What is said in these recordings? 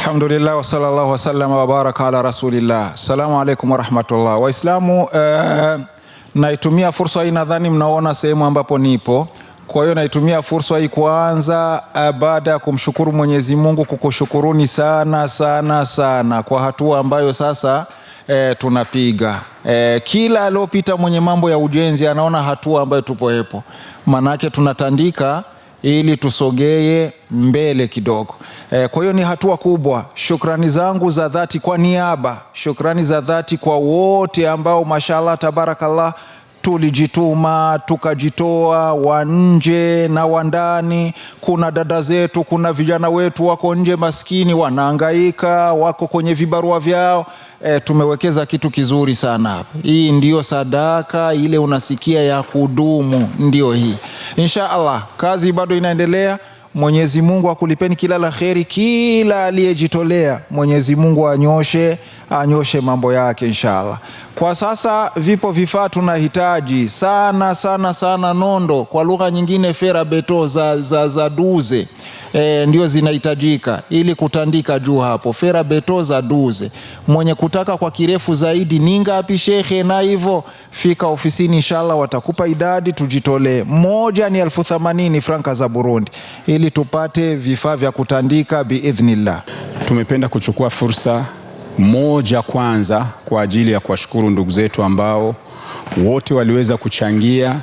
Alhamdulillah wa sallallahu wasalama wabaraka ala rasulillah. Assalamu alaikum warahmatullah. Waislamu eh, naitumia fursa hii, nadhani mnaona sehemu ambapo nipo. Kwa hiyo naitumia fursa hii kuanza eh, baada ya kumshukuru Mwenyezi Mungu, kukushukuruni sana sana sana kwa hatua ambayo sasa eh, tunapiga eh, kila aliopita mwenye mambo ya ujenzi anaona hatua ambayo tupoepo, maanake tunatandika ili tusogee mbele kidogo. E, kwa hiyo ni hatua kubwa. Shukrani zangu za dhati kwa niaba, shukrani za dhati kwa wote ambao mashallah tabarakallah tulijituma tukajitoa, wa nje na wa ndani. Kuna dada zetu, kuna vijana wetu wako nje, maskini wanaangaika, wako kwenye vibarua vyao e, tumewekeza kitu kizuri sana hapa. Hii ndiyo sadaka ile unasikia ya kudumu, ndiyo hii. Insha Allah kazi bado inaendelea. Mwenyezi Mungu akulipeni kila la kheri, kila aliyejitolea. Mwenyezi Mungu anyoshe anyoshe mambo yake inshallah. Kwa sasa vipo vifaa tunahitaji sana sana sana, nondo kwa lugha nyingine fera beto za, za, za duze e, ndio zinahitajika ili kutandika juu hapo. Fera beto za duze mwenye kutaka kwa kirefu zaidi ni ngapi shekhe? Na hivyo fika ofisini, inshallah watakupa idadi, tujitolee. Moja ni elfu themanini franka za Burundi ili tupate vifaa vya kutandika biidhnillah. Tumependa kuchukua fursa moja kwanza kwa ajili ya kuwashukuru ndugu zetu ambao wote waliweza kuchangia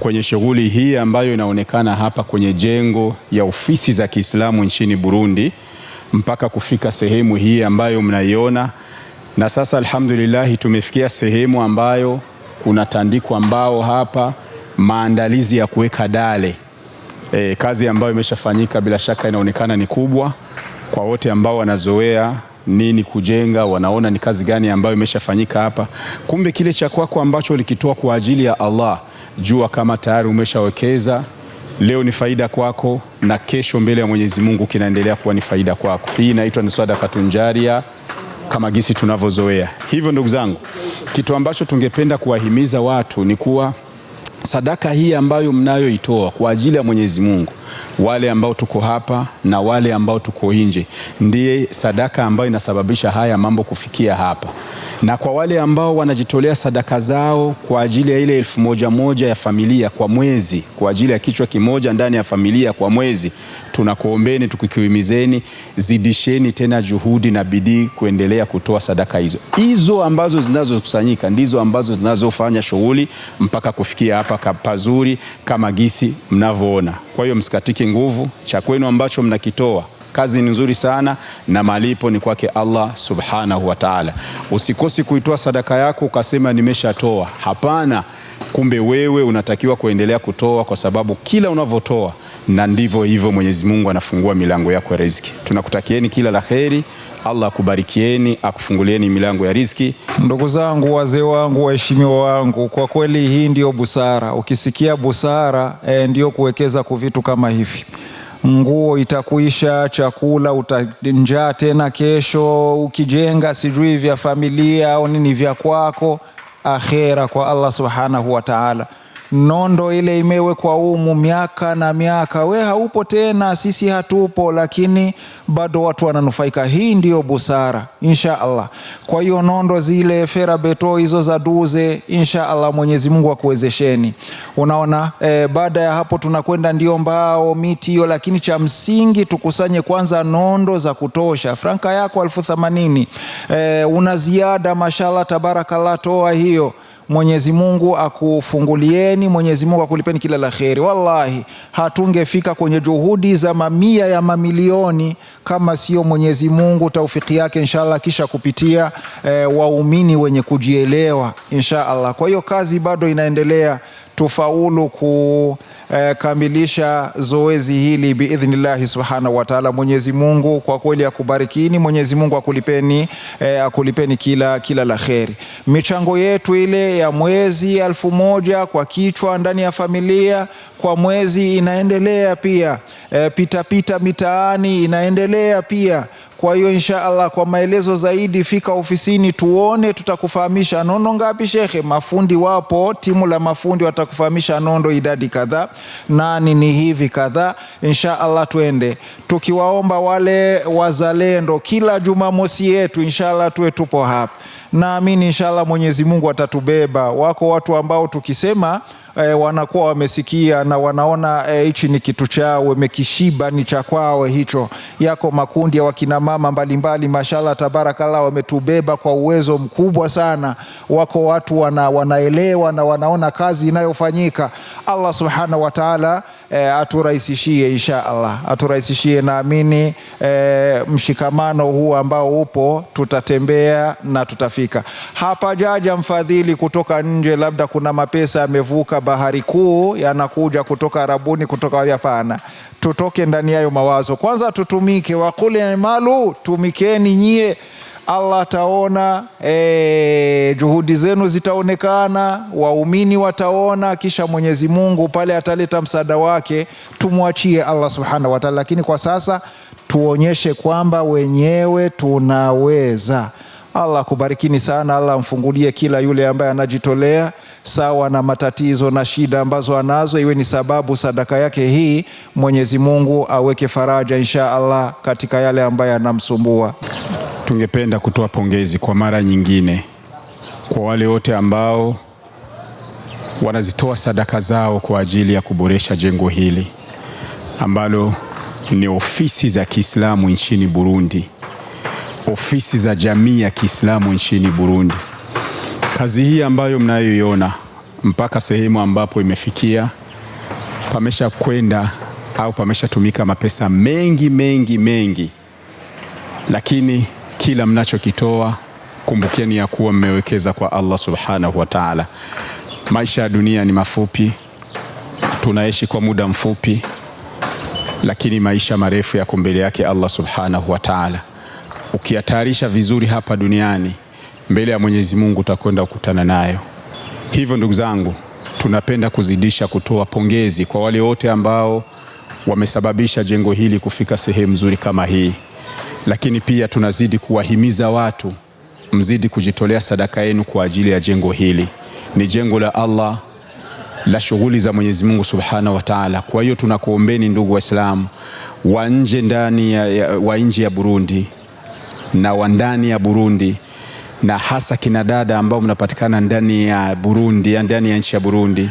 kwenye shughuli hii ambayo inaonekana hapa kwenye jengo ya ofisi za Kiislamu nchini Burundi mpaka kufika sehemu hii ambayo mnaiona, na sasa alhamdulillah tumefikia sehemu ambayo kuna tandiko mbao hapa, maandalizi ya kuweka dale. E, kazi ambayo imeshafanyika bila shaka inaonekana ni kubwa kwa wote ambao wanazoea nini kujenga wanaona ni kazi gani ambayo imeshafanyika hapa. Kumbe kile cha kwako ambacho ulikitoa kwa ajili ya Allah jua kama tayari umeshawekeza leo ni faida kwako, na kesho mbele ya Mwenyezi Mungu kinaendelea kuwa ni faida kwako. Hii inaitwa ni sadakatun tunjaria kama gisi tunavyozoea. Hivyo ndugu zangu, kitu ambacho tungependa kuwahimiza watu ni kuwa sadaka hii ambayo mnayoitoa kwa ajili ya Mwenyezi Mungu wale ambao tuko hapa na wale ambao tuko nje, ndiye sadaka ambayo inasababisha haya mambo kufikia hapa. Na kwa wale ambao wanajitolea sadaka zao kwa ajili ya ile elfu moja moja ya familia kwa mwezi, kwa ajili ya kichwa kimoja ndani ya familia kwa mwezi, tunakuombeni tukikuhimizeni, zidisheni tena juhudi na bidii kuendelea kutoa sadaka hizo. Hizo ambazo zinazokusanyika ndizo ambazo zinazofanya shughuli mpaka kufikia hapa pazuri kama gisi mnavyoona. Kwa hiyo msikati mnastiki nguvu, cha kwenu ambacho mnakitoa kazi ni nzuri sana na malipo ni kwake Allah subhanahu wa ta'ala. Usikosi kuitoa sadaka yako ukasema nimeshatoa. Hapana, kumbe wewe unatakiwa kuendelea kutoa, kwa sababu kila unavyotoa na ndivyo hivyo Mwenyezi Mungu anafungua milango yako ya riziki. Tunakutakieni kila la kheri Allah akubarikieni, akufungulieni milango ya riziki. Ndugu zangu, wazee wangu, waheshimiwa wangu, kwa kweli hii ndiyo busara. Ukisikia busara e, eh, ndiyo kuwekeza kwa vitu kama hivi Nguo itakuisha, chakula utanjaa tena kesho, ukijenga sijui vya familia au nini vya kwako, akhera kwa Allah subhanahu wa taala nondo ile imewekwa umu miaka na miaka, we haupo tena, sisi hatupo, lakini bado watu wananufaika. Hii ndiyo busara, insha Allah. Kwa hiyo nondo zile fera beto hizo za duze, insha Allah Mwenyezi Mungu akuwezesheni. Unaona e, baada ya hapo tunakwenda ndio mbao miti hiyo, lakini cha msingi tukusanye kwanza nondo za kutosha. Franka yako elfu themanini e, una ziada, mashallah tabarakallah, toa hiyo Mwenyezi Mungu akufungulieni, Mwenyezi Mungu akulipeni kila la kheri. Wallahi, hatungefika kwenye juhudi za mamia ya mamilioni kama sio Mwenyezi Mungu taufiki yake inshallah, kisha kupitia e, waumini wenye kujielewa inshallah. Kwa hiyo kazi bado inaendelea tufaulu kukamilisha zoezi hili biidhnillahi subhanahu wa taala. Mwenyezi Mungu kwa kweli akubarikini, Mwenyezi Mungu akulipeni, eh, akulipeni kila, kila la kheri. Michango yetu ile ya mwezi elfu moja kwa kichwa ndani ya familia kwa mwezi inaendelea pia, eh, pitapita mitaani inaendelea pia kwa hiyo insha Allah, kwa maelezo zaidi fika ofisini tuone, tutakufahamisha nondo ngapi shekhe. Mafundi wapo, timu la mafundi watakufahamisha nondo idadi kadhaa, nani ni hivi kadhaa, insha Allah tuende tukiwaomba wale wazalendo kila Jumamosi yetu, insha Allah tuwe tupo hapa. Naamini insha Allah Mwenyezi Mungu atatubeba. Wako watu ambao tukisema e, wanakuwa wamesikia na wanaona eh, hichi e, ni kitu chao, wamekishiba ni cha kwao hicho. Yako makundi ya wakinamama mbalimbali, mashallah tabarakallah, wametubeba kwa uwezo mkubwa sana. Wako watu wana, wanaelewa na wanaona kazi inayofanyika. Allah subhanahu wa ta'ala eh, aturahisishie insha Allah, aturahisishie. Naamini eh, mshikamano huu ambao upo, tutatembea na tutafika. Hapajaja mfadhili kutoka nje, labda kuna mapesa yamevuka bahari kuu yanakuja kutoka Arabuni, kutoka wayapana tutoke ndani yayo mawazo. Kwanza tutumike, wakule malu, tumikeni nyie Allah ataona e, juhudi zenu zitaonekana, waumini wataona, kisha Mwenyezi Mungu pale ataleta msaada wake. Tumwachie Allah subhanahu wa taala, lakini kwa sasa tuonyeshe kwamba wenyewe tunaweza. Allah kubarikini sana, Allah amfungulie kila yule ambaye anajitolea sawa na matatizo na shida ambazo anazo, iwe ni sababu sadaka yake hii. Mwenyezi Mungu aweke faraja insha Allah katika yale ambayo anamsumbua. Tungependa kutoa pongezi kwa mara nyingine kwa wale wote ambao wanazitoa sadaka zao kwa ajili ya kuboresha jengo hili ambalo ni ofisi za Kiislamu nchini Burundi, ofisi za jamii ya Kiislamu nchini Burundi. Kazi hii ambayo mnayoiona mpaka sehemu ambapo imefikia, pamesha kwenda au pameshatumika mapesa mengi mengi mengi, lakini kila mnachokitoa kumbukeni ya kuwa mmewekeza kwa Allah subhanahu wa ta'ala. Maisha ya dunia ni mafupi, tunaishi kwa muda mfupi, lakini maisha marefu yako mbele yake Allah subhanahu wa ta'ala. Ukiyatayarisha vizuri hapa duniani, mbele ya Mwenyezi Mungu utakwenda kukutana nayo. Hivyo ndugu zangu, tunapenda kuzidisha kutoa pongezi kwa wale wote ambao wamesababisha jengo hili kufika sehemu nzuri kama hii. Lakini pia tunazidi kuwahimiza watu, mzidi kujitolea sadaka yenu kwa ajili ya jengo hili. Ni jengo la Allah la shughuli za Mwenyezi Mungu Subhanahu wa Ta'ala. Kwa hiyo tunakuombeni ndugu Waislamu wa nje ndani ya, ya, wa nje ya Burundi na wa ndani ya Burundi na hasa kina dada ambao mnapatikana ndani ya Burundi, ndani ya nchi ya Burundi,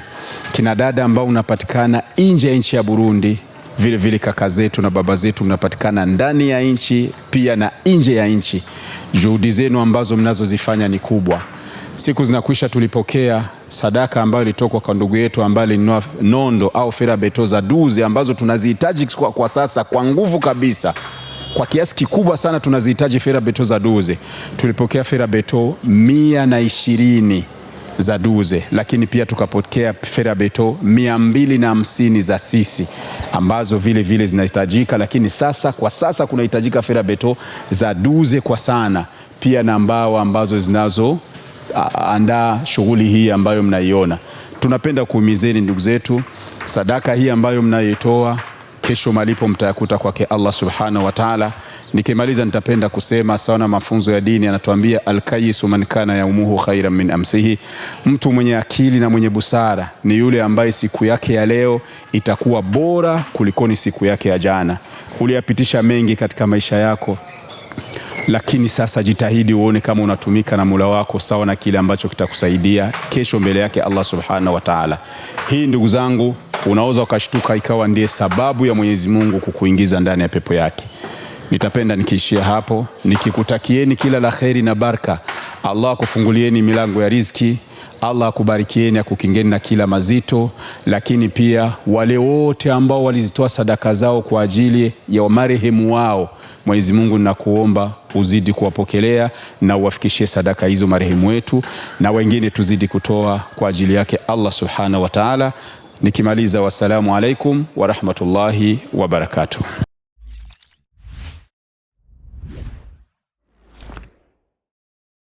kina dada ambao mnapatikana nje ya nchi ya Burundi vile vile kaka zetu na baba zetu mnapatikana ndani ya nchi pia na nje ya nchi. Juhudi zenu ambazo mnazozifanya ni kubwa. Siku zinakwisha, tulipokea sadaka ambayo ilitoka kwa ndugu yetu ambaye alinunua nondo au fedha betoza duzi ambazo tunazihitaji kwa, kwa sasa kwa nguvu kabisa kwa kiasi kikubwa sana tunazihitaji fera beto za doze. Tulipokea fera beto mia na ishirini za Duze, lakini pia tukapokea fedha beto mia mbili na hamsini za sisi ambazo vile vile zinahitajika, lakini sasa kwa sasa kunahitajika fedha beto za Duze kwa sana pia na mbao ambazo zinazo andaa shughuli hii ambayo mnaiona. Tunapenda kuhimizeni ndugu zetu, sadaka hii ambayo mnayoitoa Kesho malipo mtayakuta kwake Allah subhanahu wa taala. Nikimaliza nitapenda kusema sawa na mafunzo ya dini anatuambia alkayisu man kana yaumuhu khairan min amsihi, mtu mwenye akili na mwenye busara ni yule ambaye siku yake ya leo itakuwa bora kulikoni siku yake ya jana. Uliyapitisha mengi katika maisha yako lakini sasa jitahidi uone kama unatumika na mula wako sawa na kile ambacho kitakusaidia kesho mbele yake Allah subhanahu wa taala. Hii ndugu zangu unaweza ukashtuka ikawa ndiye sababu ya Mwenyezi Mungu kukuingiza ndani ya pepo yake. Nitapenda nikiishia hapo, nikikutakieni kila la kheri na baraka. Allah akufungulieni milango ya riziki, Allah akubarikieni, akukingeni na kila mazito. Lakini pia wale wote ambao walizitoa sadaka zao kwa ajili ya marehemu wao, Mwenyezi Mungu ninakuomba uzidi kuwapokelea na uwafikishie sadaka hizo marehemu wetu, na wengine tuzidi kutoa kwa ajili yake Allah subhanahu wa ta'ala nikimaliza, wassalamu alaikum warahmatullahi wabarakatuh.